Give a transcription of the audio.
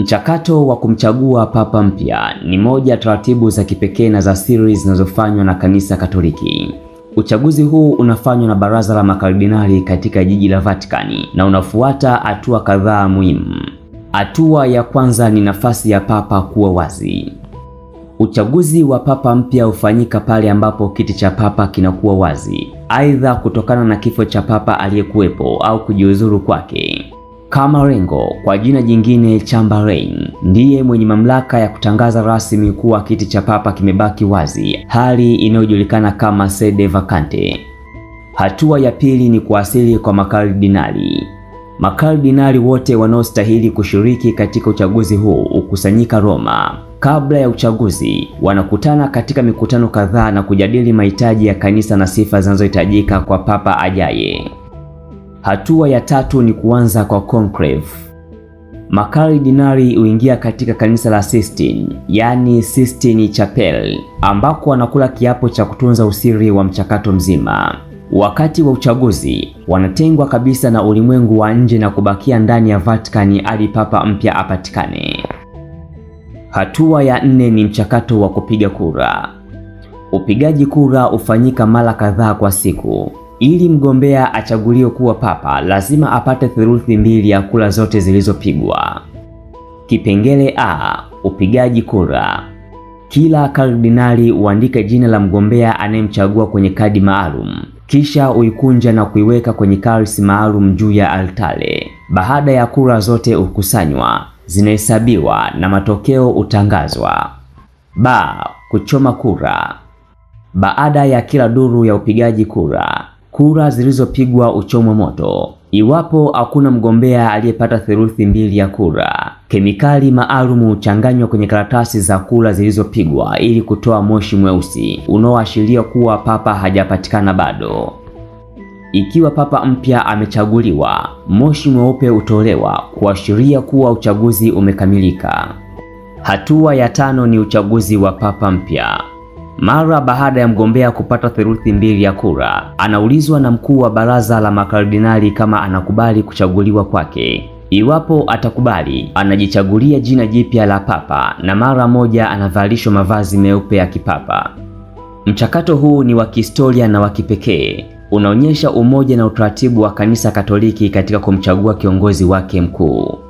Mchakato wa kumchagua papa mpya ni moja ya taratibu za kipekee na za siri zinazofanywa na Kanisa Katoliki. Uchaguzi huu unafanywa na Baraza la Makardinali katika jiji la Vatikani na unafuata hatua kadhaa muhimu. Hatua ya kwanza ni nafasi ya papa kuwa wazi. Uchaguzi wa papa mpya hufanyika pale ambapo kiti cha papa kinakuwa wazi, aidha kutokana na kifo cha papa aliyekuwepo au kujiuzuru kwake. Kamarengo kwa jina jingine Chamberlain ndiye mwenye mamlaka ya kutangaza rasmi kuwa kiti cha papa kimebaki wazi, hali inayojulikana kama sede vacante. Hatua ya pili ni kuasili kwa makardinali. Makardinali wote wanaostahili kushiriki katika uchaguzi huu hukusanyika Roma. Kabla ya uchaguzi, wanakutana katika mikutano kadhaa na kujadili mahitaji ya kanisa na sifa zinazohitajika kwa papa ajaye. Hatua ya tatu ni kuanza kwa conclave. Makardinali huingia katika kanisa la Sistine, yani Sistine Chapel, ambako wanakula kiapo cha kutunza usiri wa mchakato mzima. Wakati wa uchaguzi wanatengwa kabisa na ulimwengu wa nje na kubakia ndani ya Vatican hadi papa mpya apatikane. Hatua ya nne ni mchakato wa kupiga kura. Upigaji kura hufanyika mara kadhaa kwa siku. Ili mgombea achaguliwe kuwa papa, lazima apate theluthi mbili ya kura zote zilizopigwa. Kipengele A, upigaji kura. Kila kardinali uandike jina la mgombea anayemchagua kwenye kadi maalum, kisha uikunja na kuiweka kwenye kalsi maalum juu ya altare. Baada ya kura zote hukusanywa, zinahesabiwa na matokeo utangazwa Ba, kuchoma kura. Baada ya kila duru ya upigaji kura kura zilizopigwa uchomwe moto iwapo hakuna mgombea aliyepata theluthi mbili ya kura. Kemikali maalumu huchanganywa kwenye karatasi za kura zilizopigwa ili kutoa moshi mweusi unaoashiria kuwa papa hajapatikana bado. Ikiwa papa mpya amechaguliwa, moshi mweupe hutolewa kuashiria kuwa uchaguzi umekamilika. Hatua ya tano ni uchaguzi wa papa mpya. Mara baada ya mgombea kupata theluthi mbili ya kura, anaulizwa na mkuu wa baraza la makardinali kama anakubali kuchaguliwa kwake. Iwapo atakubali, anajichagulia jina jipya la papa na mara moja anavalishwa mavazi meupe ya kipapa. Mchakato huu ni wa kihistoria na wa kipekee, unaonyesha umoja na utaratibu wa Kanisa Katoliki katika kumchagua kiongozi wake mkuu.